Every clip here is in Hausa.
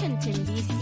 Washington, D.C.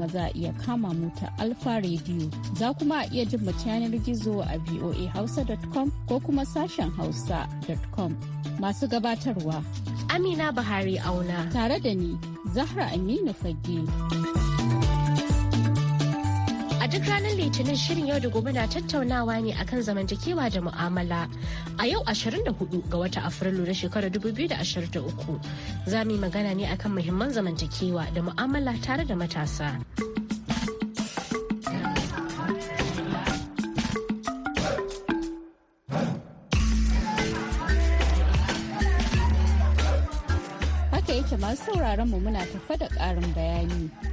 kuma za a iya kama mu ta Alfa Radio. Za kuma a iya jin mu yanar gizo a voahausa.com ko kuma sashen hausa.com. Masu gabatarwa. Amina Buhari Auna. Tare da ni, Zahra Aminu Fage. duk ranar Litinin shirin yau da gobe na tattaunawa ne akan zamantakewa da mu'amala. A yau 24 ga wata Afrilu na shekarar 2023 za mu yi magana ne akan muhimman zamantakewa da mu'amala tare da matasa. Haka yake masu sauraron mu muna tafa da ƙarin bayani.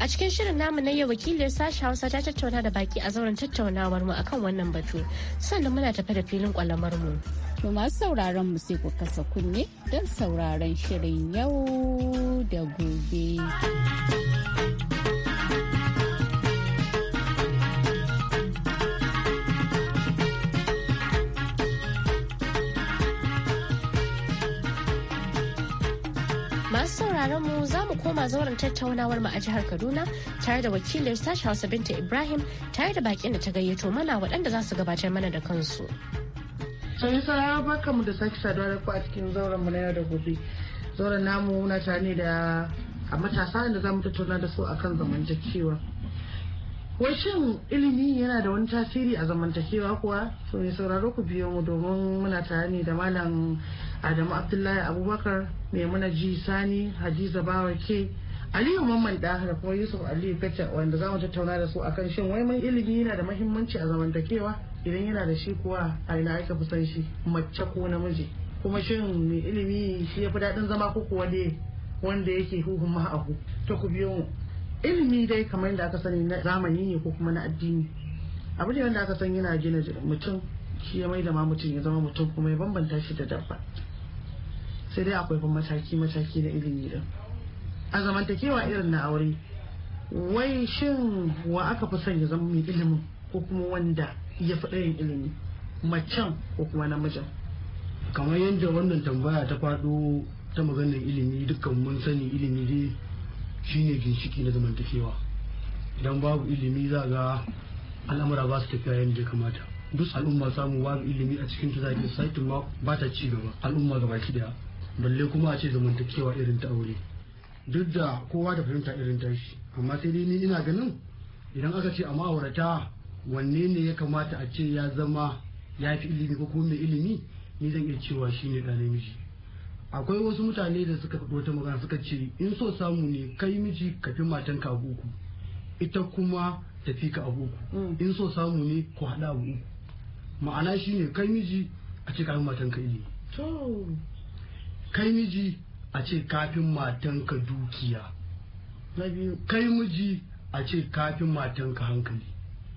A cikin shirin namu na yau wakiliyar sashi Hausa ta tattauna da baki a zauren tattaunawar mu akan wannan batu. Sannan muna tafe da filin kwalamar mu. To masu sauraron mu sai ku kasa kunne don sauraron shirin yau da gobe. sauraron mu za mu koma zauren tattaunawar mu a jihar Kaduna tare da wakilin sashi Hausa Binta Ibrahim tare da bakin da ta gayyato mana waɗanda za su gabatar mana da kansu. Sai sa baka mu da sake saduwa da ku a cikin zauren mu na yau da gobe. Zauren namu na tare da a matasa da za mu tattauna da su akan zamantakewa. Wai shin ilimi yana da wani tasiri a zamantakewa kuwa? To mai sauraro ku biyo mu domin muna tare ne da Malam Adamu Abdullahi Abubakar, muna Ji Sani, Hadiza Bawa ke Aliyu Mamman Dahar da kuma Yusuf Aliyu Kacce wanda za mu tattauna da su akan shin wai mun ilimi yana da mahimmanci a zamantakewa idan yana da shi kuwa a ina ake fi san shi mace ko namiji kuma shin mai ilimi shi ya fi daɗin zama ko kuwa dai wanda yake huhun ma'ahu ta ku biyo mu. ilimi dai kamar yadda aka sani na zamani ne ko kuma na addini abu ne wanda aka san yana gina mutum shi ya mai da ma mutum ya zama mutum kuma ya bambanta shi da dabba sai dai akwai kuma mataki mataki na ilimi din a zamantakewa irin na aure wai shin wa aka fi son ya zama mai ilimin ko kuma wanda ya fi ɗayan ilimi macen ko kuma namijin kamar yadda wannan tambaya ta faɗo ta maganar ilimi dukkan mun sani ilimi dai shine ginshiki na zamantakewa idan babu ilimi za ga al'amura ba su tafiya yadda ya kamata duk al'umma samu babu ilimi a cikin ta zaki saitin ma ba ta ci gaba al'umma gaba ki daya balle kuma a ce zamantakewa irin ta aure duk da kowa da fahimta irin ta shi amma sai dai ni ina ganin idan aka ce a ma'aurata wanne ne ya kamata a ce ya zama ya fi ilimi ko kuma mai ilimi ni zan iya cewa shine ɗan namiji akwai wasu mutane da suka faɗo ta magana suka ce in so samu ne kai miji ka fi matan ka abuku ita kuma tafi ka abuku mm. in so samu ne ku haɗa abu ma'ana ma'ana shine kai miji a ce kafin matan ka ili kai miji a ce kafin matan ka dukiya kai miji a ce kafin matan ka hankali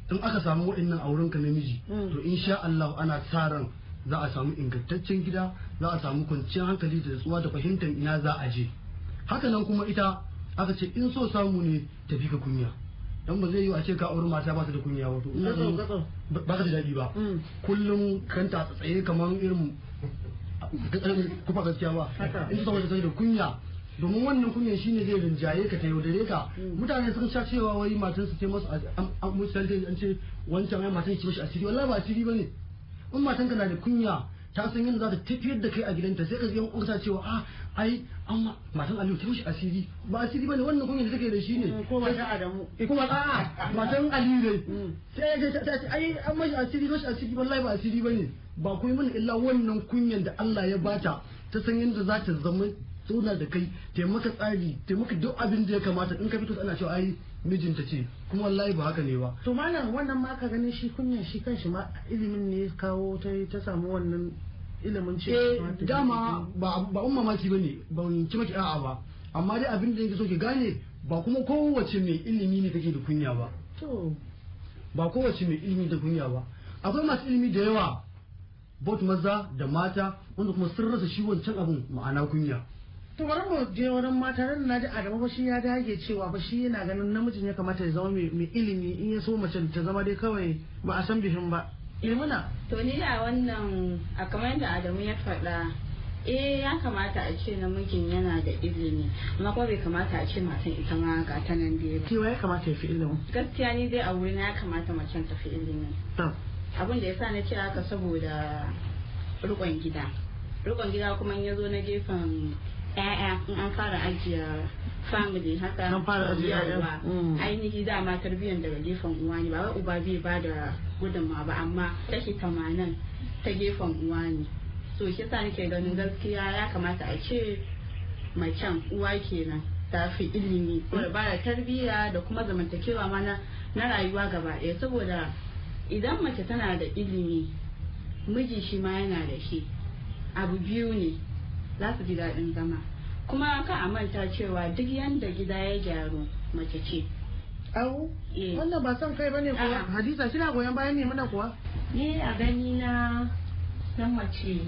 in aka samu waɗannan auren ka namiji mm. to insha Allah ana sa ran za a samu ingantaccen gida za a samu kwanciyar hankali da tsuwa da fahimtar ina za a je hakanan kuma ita aka ce in so samu ne tafi ka kunya dan ba zai yi a ce ka auri mata ba su da kunya wato ina ba ka da daɗi ba mm. kullum kanta a tsaye kamar irin kufa gaskiya ba in so samu da kunya domin wannan kunyan shine zai rinjaye ka ta yaudare ka mm. mutane sun sha cewa wai matansu ce masu an musu an ce wancan ai matan ce mashi asiri wallahi ba asiri ne in matanka na da kunya ta san yadda za ta tafiyar da kai a gidanta sai ka ji yan kusa cewa a ah, ai an matan Aliyu ta mishi asiri ba asiri bane wannan kunya da take da shi ne mm, ko matan Adamu eh, ko matan ah, matan Aliyu ne mm. sai ya ta ce ai an mishi asiri mishi asiri wallahi ba asiri bane ba ku yi mana illa wannan kunyan da Allah ya bata ta san yadda za ta zama tsona da kai taimaka tsari taimaka duk abin da ya kamata in ka fito ana cewa ai mijinta ce kuma wallahi ba haka ne ba to malam wannan ma ka ganin shi kunyan shi kanshi ma ilimin ne kawo ta ta samu wannan ilimin ce eh dama ba ba umma ki bane ban ki maki a'a ba amma dai abin da yake so ki gane ba kuma kowace mai ilimi ne take da kunya ba to ba kowace mai ilimi da kunya ba akwai masu ilimi da yawa bot maza da mata wanda kuma sun rasa shi wancan abin ma'ana kunya to bari mu je wurin mata ran naji Adamu ba shi ya dage cewa ba shi yana ganin namijin ya kamata ya zama mai ilimi in ya so mace ta zama dai kawai ba a san bihin ba ilmuna eh, to ni da wannan a kamar yadda Adamu ya faɗa eh ya kamata a ce namijin yana da ilimi amma kuma bai kamata a ce matan ita ma ga ta nan biyu ba kiwa ya kamata ya fi ilimi gaskiya ni dai a wurin ya kamata macen ta fi ilimi abin da ya sa na ce haka saboda rikon gida rikon gida kuma ya zo na gefen 'ya'ya in an fara ajiye family haka an fara ajiye yawa mm. ainihi dama tarbiyyar daga gefen uwa ne ba wai uba bai ba da gudunma ba amma kashi tamanin ta gefen uwa ne so shi sa nake ganin gaskiya ya kamata a ce macen uwa kenan ta fi ilimi Bada ba da tarbiyya da kuma zamantakewa ma na rayuwa gaba ɗaya saboda idan mace tana da ilimi miji shi ma yana da shi abu biyu ne za su ji daɗin zama kuma ka a manta cewa duk yanda gida ya gyaru mace ce au eh. wannan ba son kai bane kuwa hadiza shi na goyon bayan ne mana kuwa ni a gani na na mace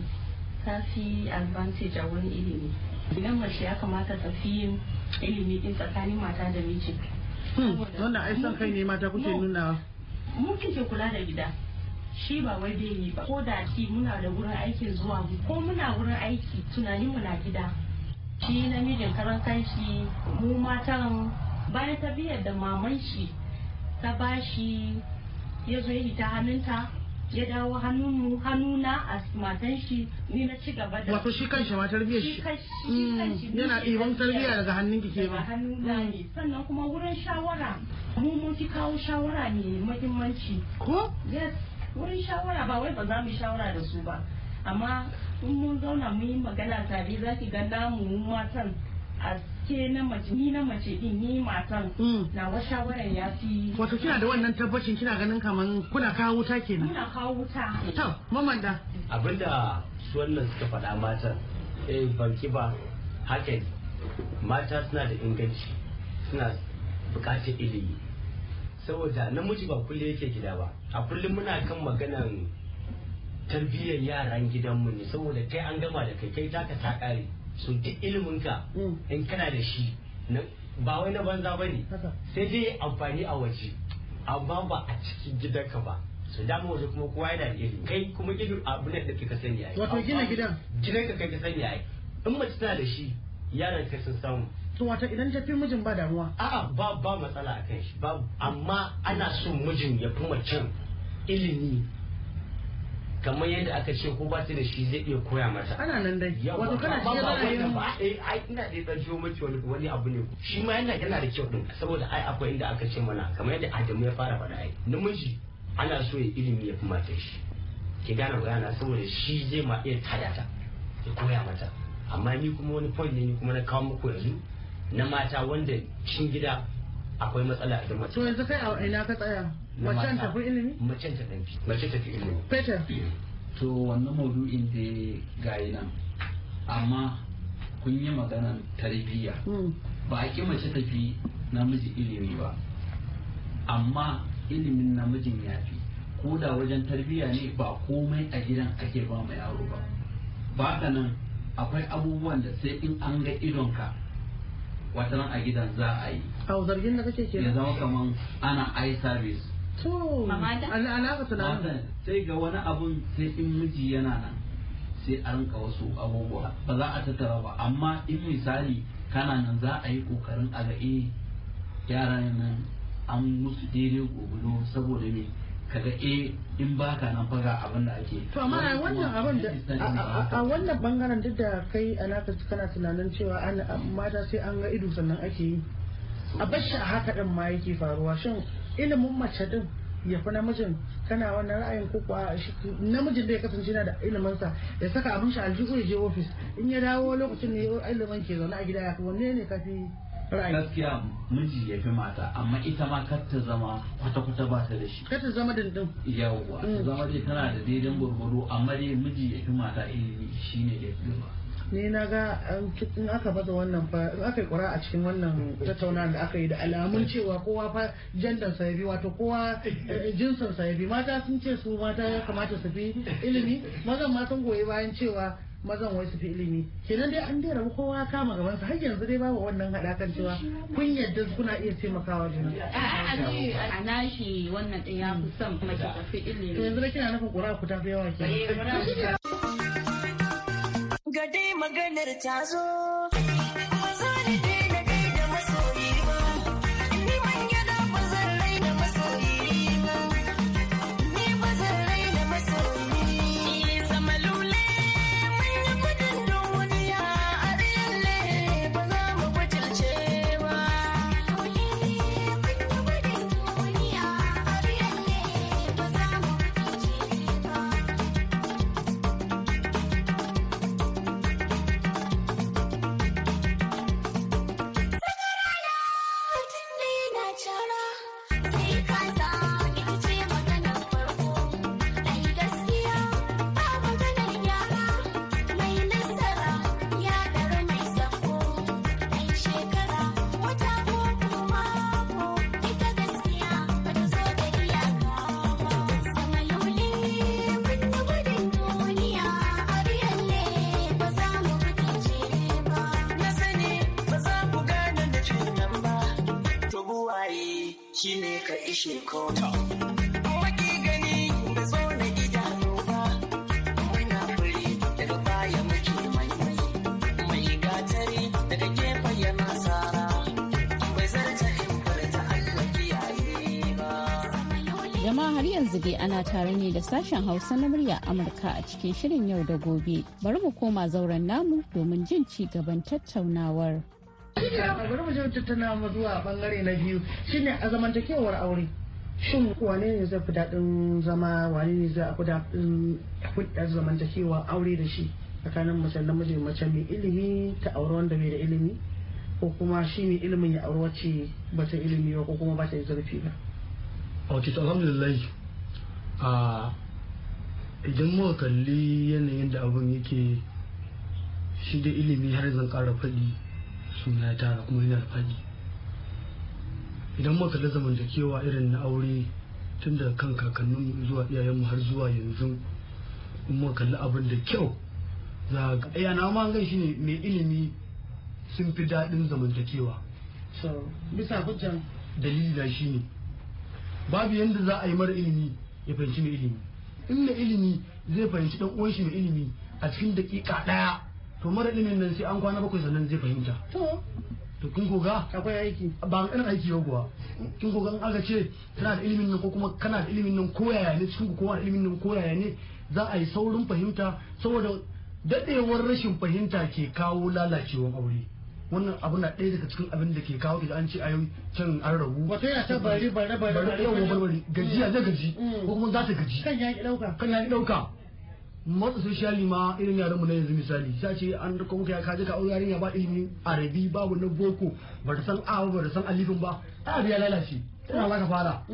ta fi advantage a wani ilimi idan mace ya kamata ta fi ilimi din tsakanin mata da miji hmm, wannan ai kai ne mata kuke nuna mun kike kula da gida shi ba wai bai yi ba ko da shi muna da wurin aikin zuwa ko muna wurin aiki tunanin mu na gida shi namijin karan kanshi mu matan bayan tafiyar da maman shi ta bashi ya zo ya ta hannunta ya dawo hannunmu hannuna a matan shi ni na ci gaba da wato shi kanshi matar biyar shi mm, yana ɗiban tarbiyya daga hannun ki ke ba hannuna mm. sannan kuma wurin shawara mu mun fi kawo shawara ne muhimmanci ko yes wurin shawara ba wai ba za mu shawara da su ba amma in mun zauna mun yi magana tare za ki ga namu matan a ke na mace ni na mace din ni matan hmm. na wa shawaran ya fi wato kina da wannan tabbacin kina ganin kaman kuna kawo wuta kenan kuna kawo wuta to mamanda abinda su wannan suka faɗa matan eh banki ba haka mata suna da inganci suna bukatar ilimi saboda namiji ba kulle yake gida ba a kullum muna kan maganan tarbiyyar yaran gidanmu ne saboda kai an gama da kai kai taka ta kare so duk ilimin ka mm. in kana da shi ba wai na banza ba ne sai dai amfani a waje amma ba a cikin gidanka ba so dama waje kuma kowa yana da ilimi kai kuma gidan abu ne da kika sani ai wato gina gidan gidanka kai ka sani ai in mace tana da shi yaran kai sun samu to wata idan ta fi mijin ba damuwa a'a ba ba matsala a kan shi babu amma ana son mijin ya fi macen ilimi kamar yadda aka ce ko ba da shi zai iya koya mata ana nan dai wato kana cikin ra'ayin ba eh ai ina da dajo mace wani wani abu ne shi ma yana yana da kyau din saboda ai akwai inda aka ce mana kamar yadda Adamu ya fara faɗa ai namiji ana so ya ilimi ya fi mata shi ki gane bayana saboda shi zai ma iya tada ta ya koya mata amma ni kuma wani point ne ni kuma na kawo muku yanzu na mata wanda cikin gida akwai matsala da mace. To yanzu kai a ina ka tsaya? Macen tafi ilimi? Macen tafi ilimi. Macen tafi ilimi. Peter. To wannan maudu'in da gayi nan. Amma kun yi maganar tarbiyya. Hmm. Ba a ki mace tafi namiji ilimi ba. Amma ilimin namijin ya fi. Ko da wajen tarbiyya ne ba komai a gidan ake ba mai yaro ba. Ba nan akwai abubuwan da sai in an ga idonka wata nan a gidan za a yi a zargin da kake ke ya zama kaman ana i service to alaka tunanin sai ga wani abun sai in miji yana nan sai a rinka wasu abubuwa ba za a tattara ba amma in misali kana nan za a yi kokarin a ga eh yaran nan an musu daidai gobulo saboda me kaga e eh, in baka nan faga abin da ake to amma a wannan abin da a wannan bangaren duk da kai alaka kana tunanin cewa mata sai an ga ido sannan ake yi a bashi a haka din ma yake faruwa shin ilimin mace din ya fi namijin kana wannan ra'ayin ko kuwa namijin bai kasance na da iliminsa ya saka abin shi aljihu ya je ofis in ya dawo lokacin ne ilimin ke zaune a gida ya fi wanne ne kafi gaskiya miji ya fi mata amma ita ma kar ta zama kwata-kwata ba ta da shi kar ta zama dindin yawwa ta mm. zama dai tana da daidan gurguru amma dai miji ya fi mata ilimi shi ne ya fi ni na ga um, in aka baza wannan fa in aka yi kura a cikin wannan tattauna da aka yi da alamun cewa kowa fa jandar sa yabi wato kowa eh, jinsin sa yabi mata sun ce su mata ya kamata su fi ilimi mazan ma sun goyi bayan cewa mazan wai su fi ilimi kenan dai an daina kowa kama gaban sa har yanzu dai babu wannan hadakan cewa kun yadda kuna iya taimakawa juna a nashi wannan din ya fi son mace ta fi ilimi to yanzu kina nufin kura ku ta fi yawa ke. Eh, ga dai maganar ta zo ta ishe har yanzu dai ana tare ne da sashen hausa na murya amurka a cikin shirin yau da gobe bari mu koma zauren namu domin jin ci gaban tattaunawar bari mu je tattauna mu zuwa bangare na biyu shine a zamantakewar aure shin wane ne zai fi daɗin zama wane ne zai fi daɗin hudar zamantakewa aure da shi tsakanin mace da miji mace mai ilimi ta aure wanda bai da ilimi ko kuma shi mai ilimin ya aure wacce ba ta ilimi ba ko kuma ba ta zurfi ba ok to alhamdulillah a idan muka kalli yanayin da abin yake shi da ilimi har zan ƙara faɗi suna ya tara kuma yana faɗi idan muka kalli zamantakewa irin na aure tun da kan kakanninmu zuwa iyayenmu har zuwa yanzu in muka kalli abin da kyau za ga ɗaya na ma gan shi ne mai ilimi sun fi daɗin zamantakewa bisa hujjan dalili shi ne babu yadda za a yi mara ilimi ya fahimci mai ilimi in mai ilimi zai fahimci ɗan uwan shi mai ilimi a cikin daƙiƙa ɗaya to mara ilimin nan sai an kwana bakwai sannan zai fahimta to kin koga akwai aiki ba an aiki ba kuwa kin koga an aka ce kana da ilimin nan ko kuma kana da ilimin nan koyaya ne cikin kowa da ilimin nan koyaya ne za a yi saurin fahimta saboda dadewar rashin fahimta ke kawo lalacewar aure wannan abu na ɗaya daga cikin abin da ke kawo idan an ce a yau can an rabu wato yana ta bari bari bari bari gajiya zai gaji mm. ko kuma za ta gaji kan ya ɗauka kan ya ɗauka matsa sociali ma irin yaran mu na yanzu misali sai ce an da muka ya kaje ka aure yarinya ba ilimin arabi babu na boko ba ta san awa ba ta san alifin ba ai ya lalace ina za ka fara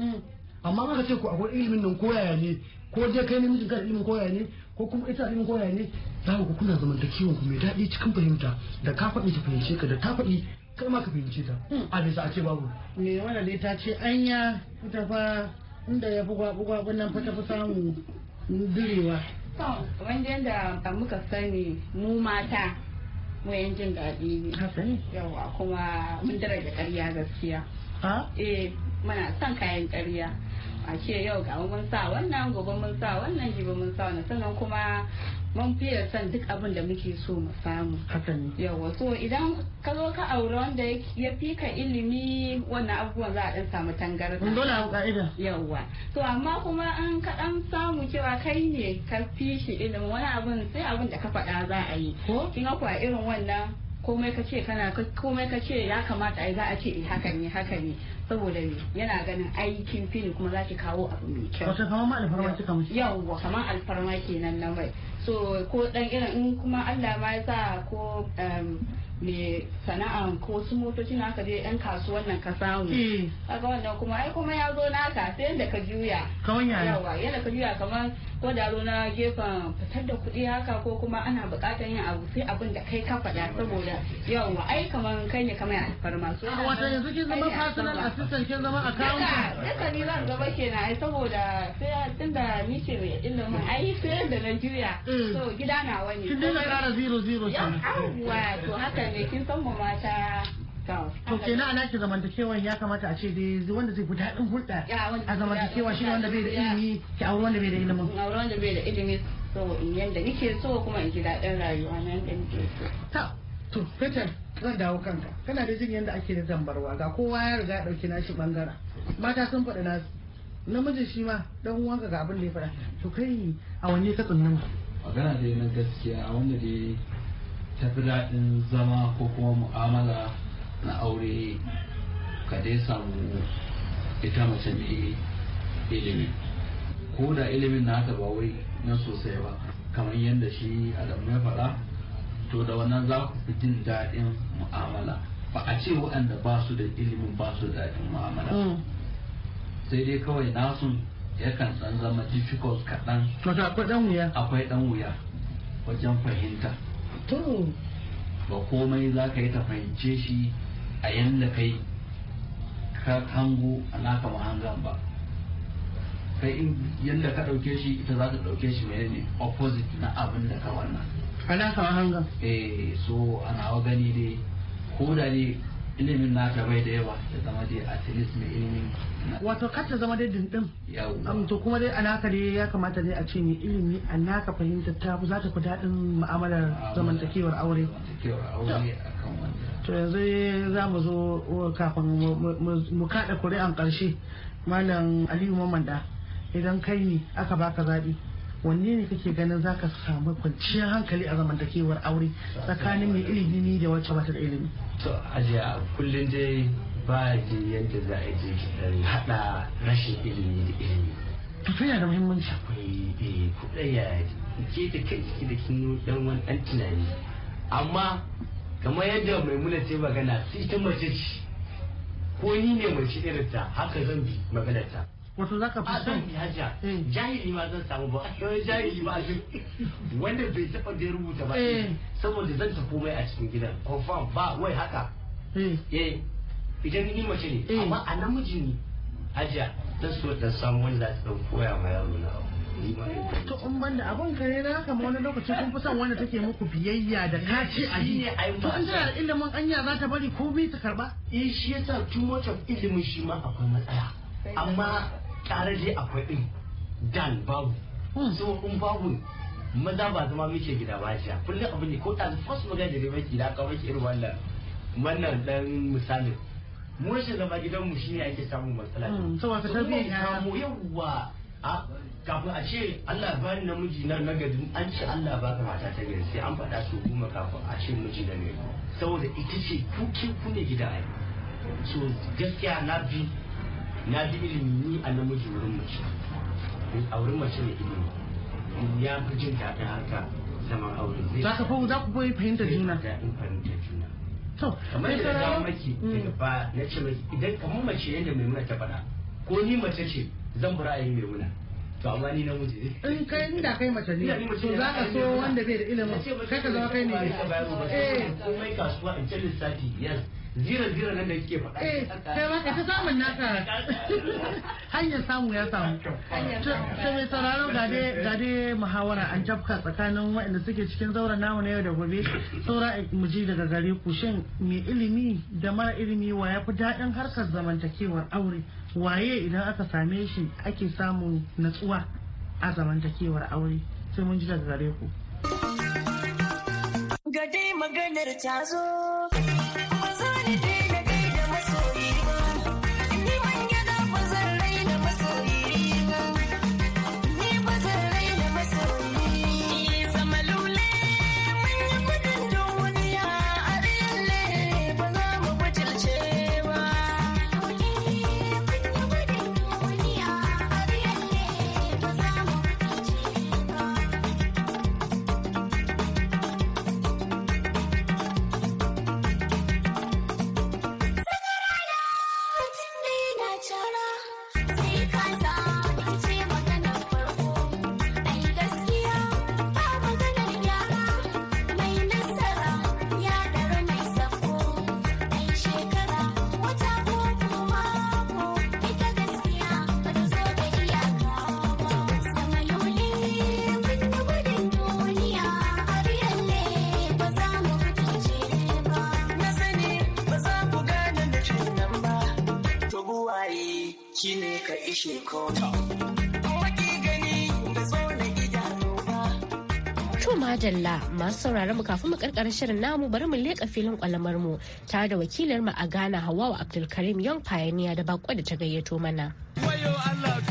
amma aka ce ko akwai ilimin nan koyaya ne ko je kai namijin kan ilimin koyaya ne ko kuma ita ilimin koyaya ne za ku kuna zamantakewan ku mai daɗi cikin fahimta da ka faɗi ta fahimce ka da ta faɗi kai ma ka fahimce ta a bisa a ce babu me wannan dai ta ce anya ya fa inda ya fi gwaɓi nan fa ta fi samu direwa wanda yadda muka sani mu mata mu yan jin daɗi ne yawa kuma mun daraja ƙarya gaskiya eh muna son kayan ƙarya a ce yau ga mun sa wannan gobe mun sa wannan jibi mun sa wannan sannan kuma mun fiye son duk abin da muke so mu samu yawa so idan ka zo ka aure wanda ya fi ka ilimi wannan abubuwan za a dan samu tangarda dole a ka'ida yawa to amma kuma an ka dan samu cewa kai ne ka fi shi ilimi wani abin sai abin da ka faɗa za a yi ko kin ga irin wannan komai ka ce kana komai ka ce ya kamata ai za a ce eh haka ne haka ne saboda yana ganin aikin fili kuma za ki kawo abu mai kyau wato kamar ma alfarma kamar shi yawwa kamar alfarma kenan nan mai so ko dan irin in kuma Allah ma ya sa ko mai um, sana'a ko su motoci na ka je yan kasuwan nan ka samu hmm. kaga wannan kuma ai kuma ya zo naka sai da ka juya kamar yaya yawa ka juya kamar ko da na gefen fitar da kuɗi haka ko kuma ana buƙatar yin abu sai abin da kai ka faɗa saboda yawa ai kamar kai ne kamar alfarma so ah, wata yanzu kin zama personal assistant kin zama accountant duka ni zan gaba kenan ai saboda sai tunda ni ce mai ilimin ai sai da Najeriya. Mm. so gida na wani kin dinga ƙara zero zero kenan yawwa to haka ne kin san mu mata to kenan ana ki zamantakewa ya kamata a ce dai wanda zai guda daɗin hulɗa a zamantakewa shi wanda bai da ilimi ki auri wanda bai da ilimin wanda bai da ilimi so yanda nike so kuma in ji daɗin rayuwa na yanda nike so ta to peter zan dawo kanka kana da jin yanda ake da zambarwa ga kowa ya riga ya ɗauki nashi bangaren mata sun faɗi nasu namijin shi ma dan uwanka ga abin da ya faɗa to kai a wanne ka tsunnin magana dai na gaskiya a wanda dai tafi daɗin zama ko kuma mu'amala na aure ka dai samu ita mace mai ilimi ko da ilimin na ba wai na sosai ba kamar yadda shi adamu ya faɗa to da wannan za ku fi jin daɗin mu'amala ba a ce waɗanda ba su da ilimin ba su daɗin mu'amala mm. sai dai kawai nasun yakan san zama difficult kaɗan akwai ɗan wuya akwai ɗan wuya wajen fahimta ba komai za ka yi ta fahimce shi a yanda kai ka hango a naka mahangan ba kai in yanda ka ɗauke shi ita za ta ɗauke shi mai ne opposite na abin da ka wannan a naka mahangan eh so ana wa gani dai ko da ne ilimin naka bai da yawa ya zama dai at least mai ilimin wato kar ta zama dai dindin yawa to kuma dai a naka dai ya kamata dai a ce ne ilimi a naka fahimtar ta za ta fi daɗin mu'amalar zamantakewar aure zamantakewar aure akan to yanzu za mu zo uh, kafin mu kada kuri'an karshe malam aliyu mamanda idan kai ne aka baka zaɓi wanne ne kake ganin za ka samu kwanciyar hankali a zamantakewar aure tsakanin mai ilimi da wacce bata da ilimi to ajiya kullum dai ba ji yadda za a ji hada rashin ilimi da ilimi to yana da muhimmanci akwai eh, kudaya ke da kai ke da kinu dan wani dan tunani amma kamar yadda maimuna ce magana sai ta mace ce ko ni ne mace irin ta haka zan bi maganar ta wato za ka fi son haja eh. jahili ma zan samu ba kai jahili ba shi wanda bai taba da rubuta ba eh. saboda zan ta komai a cikin gidan confirm ba wai haka eh, eh. idan ni mace ne amma a namiji ne haja ta so ta samu wanda za ta koya ma yaro na to in banda abun kare na kama wani lokaci kun fi son wanda take muku biyayya da kaci a yi to in tana da ilimin anya za ta bari ko komai ta karba eh shi yasa too much of ilimin shi ma akwai matsala amma tare dai akwai din dan babu hmm. so in babu maza ba zama muke gida ba shi kullum abu ne ko ta first magana da maki da ka maki irin wannan wannan dan misalin mu rashin zama gidanmu shine ake samun matsala. Hmm. Saboda tarbiyyar yara. yawa. a kafin a ce Allah ba ni namiji na nagari an ce Allah ba ka mata ta gari sai an faɗa su goma kafin a ce miji na ne saboda ita ce kuke kune gida ai so gaskiya na bi na bi ilimi ni a namiji wurin mace a wurin mace ne ilimi ya fi jin daɗin haka zaman aure zai za fahimta. za ku koyi fahimtar juna fahimtar juna to kamar da maki mm. daga ba na ce idan kamar mace yadda mai muna ta faɗa ko ni mace ce zan bi ra'ayin mai muna to amma ni na miji in kai da kai mace ne to za ka so wanda bai da ilimin kai ka zama kai ne eh komai kasuwa in ce lissafi yes zira zira nan da ke faɗa eh sai ma ka samun naka hanyar samu ya samu to mai sauraro ga dai muhawara an jafka tsakanin waɗanda suke cikin zauren namu na yau da gobe saura eh, mu ji daga gare ku shin mai ilimi da mara ilimi wa ya fi daɗin harkar zamantakewar aure waye idan aka same shi ake samun natsuwa a zamantakewar aure sai mun ji daga gare ku Gade maganar ta zo shi ne ka madalla masu sauraron mu kafin mu karkarar shirin namu bari mu leƙa filin kwalamar mu tare da wakilar mu a Ghana Hawwa Abdulkarim Young Pioneer da bako da ta gayyato mana. Allah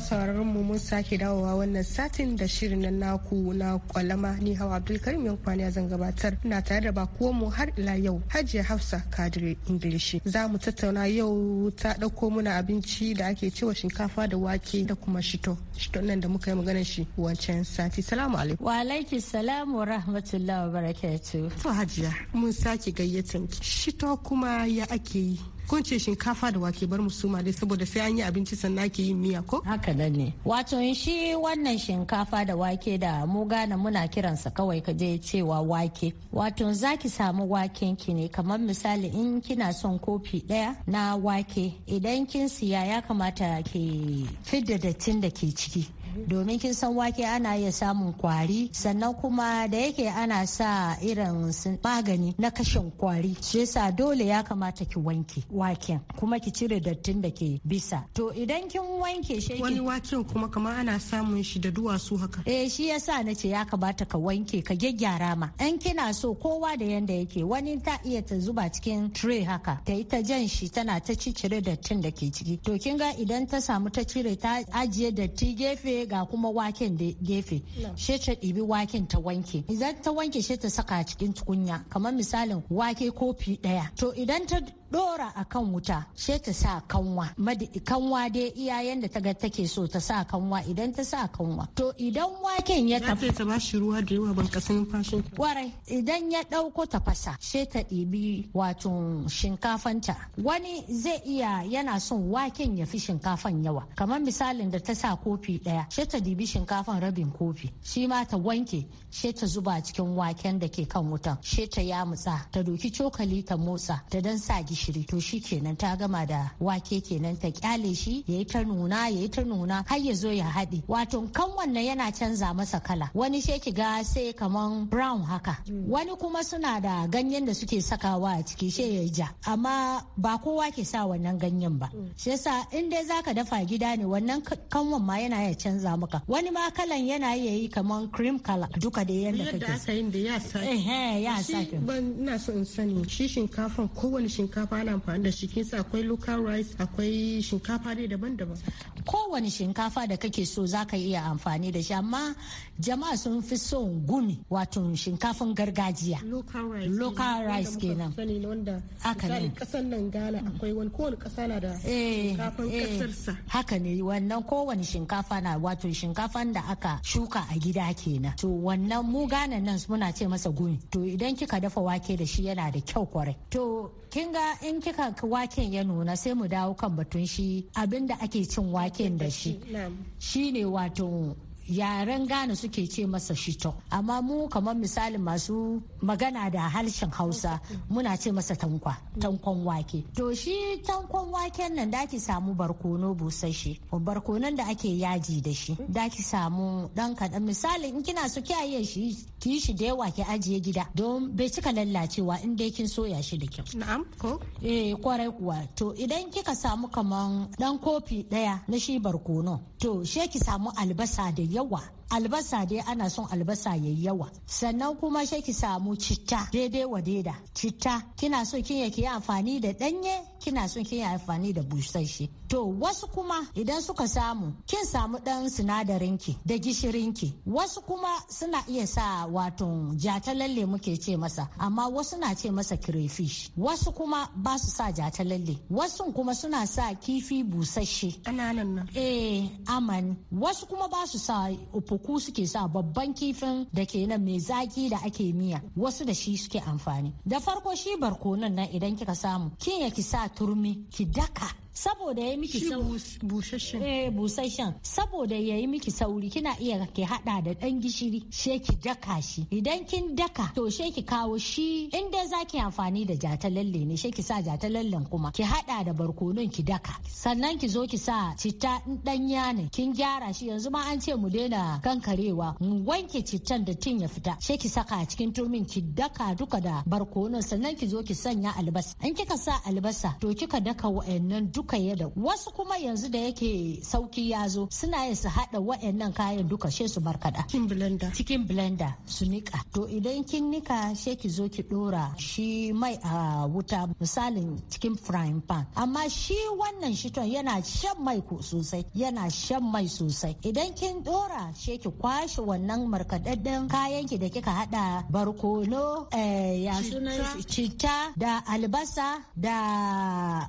sauraron mu mun sake dawowa wannan satin da shirin na naku na kwalama ni hawa abdulkarim a zan gabatar na tare da bakuwan mu har ila yau hajiya hafsa kadiri ingilishi za mu tattauna yau ta dauko muna abinci da ake cewa shinkafa da wake da kuma shito shito nan da muka yi magana shi wancan sati salamu alaikum wa alaiki salam wa rahmatullahi wa barakatuh to hajiya mun sake gayyatan shito kuma ya ake yi kun ce shinkafa da wake bar mu suma dai saboda sai an yi abinci sannan ake yin miya ko haka nan ne wato shi wannan shinkafa da wake da mu gane muna kiransa kawai ka je cewa wake wato zaki samu waken ki ne kamar misali in kina son kofi daya na wake idan kin siya ya kamata ki fidda dattin da ke ciki domin kin san wake ana iya samun kwari sannan kuma da yake ana sa irin magani na kashin kwari shi yasa dole ya kamata ki wanke waken kuma ki cire dattin da ke bisa to idan kin wanke shi wani waken kuma kamar ana samun shi da duwatsu haka eh shi yasa na ce ya kamata ka wanke ka gyaggyara ma in kina so kowa da yanda yake wani ta iya ta zuba cikin tray haka ta yi ta jan shi tana ta cire dattin da ke ciki to kin ga idan ta samu ta cire ta ajiye datti gefe ga kuma waken da gefe she ta ɗibi waken ta wanke idan ta wanke she ta saka a cikin tukunya kamar misalin wake kofi ɗaya to idan ta dora a kan wuta sai ta sa kanwa kanwa dai iyayen da ta ga take so ta sa kanwa idan ta sa kanwa to idan waken ya tafi ta ba shi ruwa da yawa ban kasan fashin kwarai idan ya dauko fasa sai ta ɗibi wato shinkafanta wani zai iya yana son waken ya fi shinkafan yawa kamar misalin da ta sa kofi daya sai ta ɗibi shinkafan rabin kofi shi ma ta wanke sai ta zuba cikin waken da ke kan wutan sai ta yamutsa ta doki cokali ta motsa ta dan sa gishiri to shi kenan ta gama da wake kenan ta kyale shi ya yi ta nuna ya yi ta nuna har ya zo ya haɗe wato kan wannan yana canza masa kala wani sai ki ga sai kaman brown haka wani kuma suna da ganyen da suke sakawa a ciki sai ya ja amma ba kowa ke sa wannan ganyen ba shi yasa in dai zaka dafa gida ne wannan kanwan ma yana ya canza maka wani ma kalan yana ya yi kaman cream color. duka da yadda kake yadda aka yin da ya sa eh, eh, ya sa ban ina so in sani shi shinkafan kowane shinkafa shinkafa ana amfani da shi kin sa akwai local rice akwai shinkafa ne daban-daban kowane shinkafa da kake so za ka iya amfani da shi amma jama'a sun fi son gumi wato shinkafin gargajiya local rice kenan haka ne kasan nan Ghana akwai wani kowane kasa na da eh, shinkafan kasarsa eh. haka ne wannan kowane shinkafa na wato shinkafan da aka shuka a gida kenan to wannan mu Ghana nan muna ce masa gumi to idan kika dafa wake da shi yana da kyau kwarai to kin ga in kika waken ya nuna sai mu dawo kan batun shi abinda ake cin waken da shi shine wato yaren Ghana suke ce masa shito amma mu kamar misali masu magana da harshen Hausa muna ce masa tankwa tankon wake to shi tankon waken nan da ki samu barkono busasshe barkonon da ake yaji da shi da ki samu dan kadan misali in kina so kiyaye shi ki shi da yawa ki ajiye gida don bai cika lallacewa in dai kin soya shi da kyau na'am ko eh kwarai kuwa to idan kika samu kaman dan kofi daya na shi barkono to she ki samu albasa da yawa 比较晚，albasa dai ana son albasa yayi yawa sannan kuma sai ki samu citta daidai wa daida citta kina so kin ki yi amfani da danye kina son kin yi amfani da busasshe to wasu kuma idan suka samu kin samu dan sinadarin ki da gishirin ki wasu kuma suna iya sa wato jatalalle muke ce masa amma wasu na ce masa crayfish wasu kuma ba su sa jatalalle wasu kuma suna sa kifi busasshe ƙananan nan eh aman wasu kuma ba su sa ku suke sa babban kifin da ke nan mai zaki da ake miya wasu da shi suke amfani da farko shi barkonon nan idan kika samu kin ya ki sa turmi ki daka saboda ya miki eh, busasshen saboda ya yi miki sauri kina iya ki hada da dan gishiri she ki daka shi idan kin daka to she ki kawo shi in dai zaki amfani da jata lalle ne she ki sa jatalallen kuma ki hada da barkonon ki daka sannan ki zo ki sa citta danya ne kin gyara shi yanzu ma an ce mu daina kankarewa mu wanke cittan da tin ya fita she ki saka a cikin turmin ki daka duka da barkonon sannan ki zo ki sanya albasa in kika sa albasa to kika daka wa'annan duk duka ya da wasu kuma yanzu da yake sauki ya zo suna yin su haɗa wa'annan kayan duka she su markaɗa. Cikin blender. Cikin blender su nika. To idan kin nika she ki zo ki ɗora shi mai a wuta misalin cikin frying pan. Amma shi wannan shiton yana shan mai sosai yana shan mai sosai. Idan kin ɗora she ki kwashe wannan markaɗaɗɗen kayan ki da kika haɗa barkono eh, ya da albasa da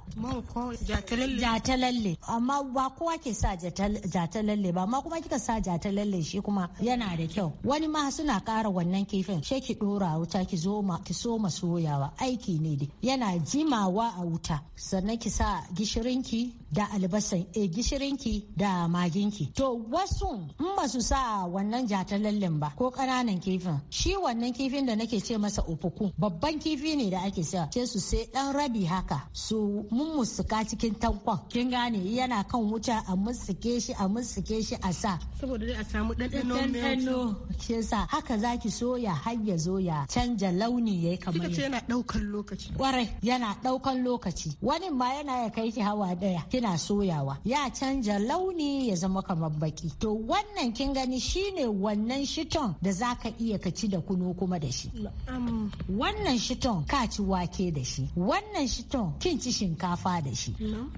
jatalalle amma ba kowa ke sa jatalalle ba amma kuma kika sa jatalalle shi kuma yana da kyau wani ma suna kara wannan kifin she ki ɗora wuta ki zo ma ki so soyawa aiki ne dai yana jimawa a wuta sannan ki sa gishirinki da albasan e gishirinki da maginki to wasu in ba su sa wannan lallen ba ko ƙananan kifin shi wannan kifin da nake ce masa ofuku babban kifi ne da ake sa ce su sai dan rabi haka su mun musuka cikin tankon kin gane yana kan wuta a musuke shi a musuke shi a sa saboda dai a samu ɗanɗano shi sa. haka zaki soya har ya zo ya canja launi yayi kamar yana ɗaukan lokaci kwarai yana ɗaukan lokaci wani ma yana ya kai ki hawa ɗaya kina soyawa ya canja launi ya zama kamar baki to wannan kin gani shine wannan shiton da zaka iya ka ci da kunu kuma da shi wannan shiton ka ci wake da shi wannan shiton kin ci shinkafa da shi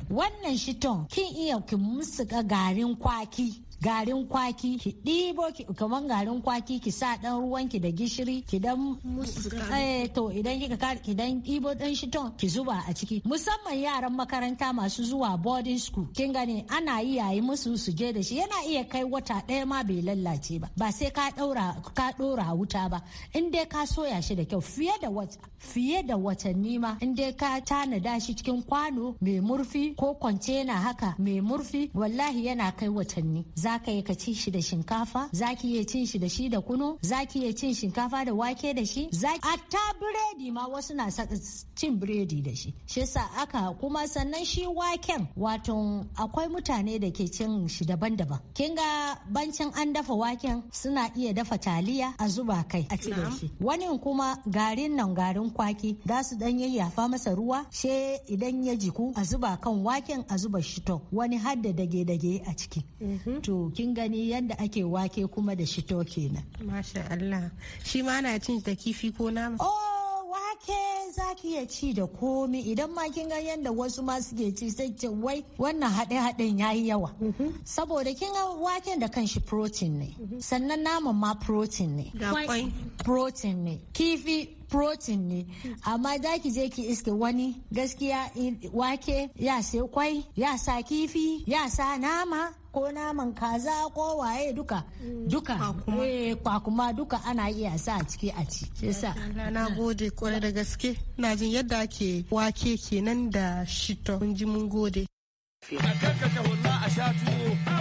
wannan shiton kin iya ki musuka garin kwaki garin kwaki ki ɗibo kamar garin kwaki ki sa ɗan ruwanki da gishiri ki dan eh, to idan kika ki dan ɗibo ɗan shiton ki zuba a ciki musamman yaran makaranta masu zuwa boarding school kin gani ana yi musu su je da shi yana iya kai wata ɗaya ma bai lallace ba ba sai ka ɗora ka ɗora wuta ba in dai ka soya shi da kyau fiye da wata fiye da watanni ma in dai ka tanada shi cikin kwano mai murfi ko kwantena haka mai murfi wallahi yana kai watanni za ka yi ka ci shi da shinkafa za ki iya cin shi da shi da kunu za ki iya cin shinkafa da wake da shi za a ta biredi ma wasu na cin biredi da shi shi sa aka kuma sannan shi waken wato akwai mutane da ke cin shi daban-daban kin ga bancin an dafa waken suna iya dafa taliya a zuba kai a cikin shi wani kuma garin nan garin kwaki za su dan yayyafa masa ruwa she idan ya jiku a zuba kan waken a zuba shito wani har da dage-dage a ciki mhm. to kin gani yadda ake wake kuma da shito kenan masha Allah shi ma ana cin ta kifi ko nama oh wake za ki iya ci da komi idan ma kin ga yadda wasu ma suke ci sai ce wai wannan haɗe haɗen ya yi yawa mm-hmm. saboda kin ga waken da kanshi protein ne mm-hmm. sannan naman ma protein ne protein ne kifi protein ne mm. amma za ki je ki iske wani gaskiya wake ya sai kwai ya sa kifi ya sa nama ko naman kaza ko waye duka mm. duka eh, kwakuma duka ana iya sa ciki a ci na gode kwarai da gaske na jin yadda ake wake kenan da shito mun ji mun gode a sha tuwo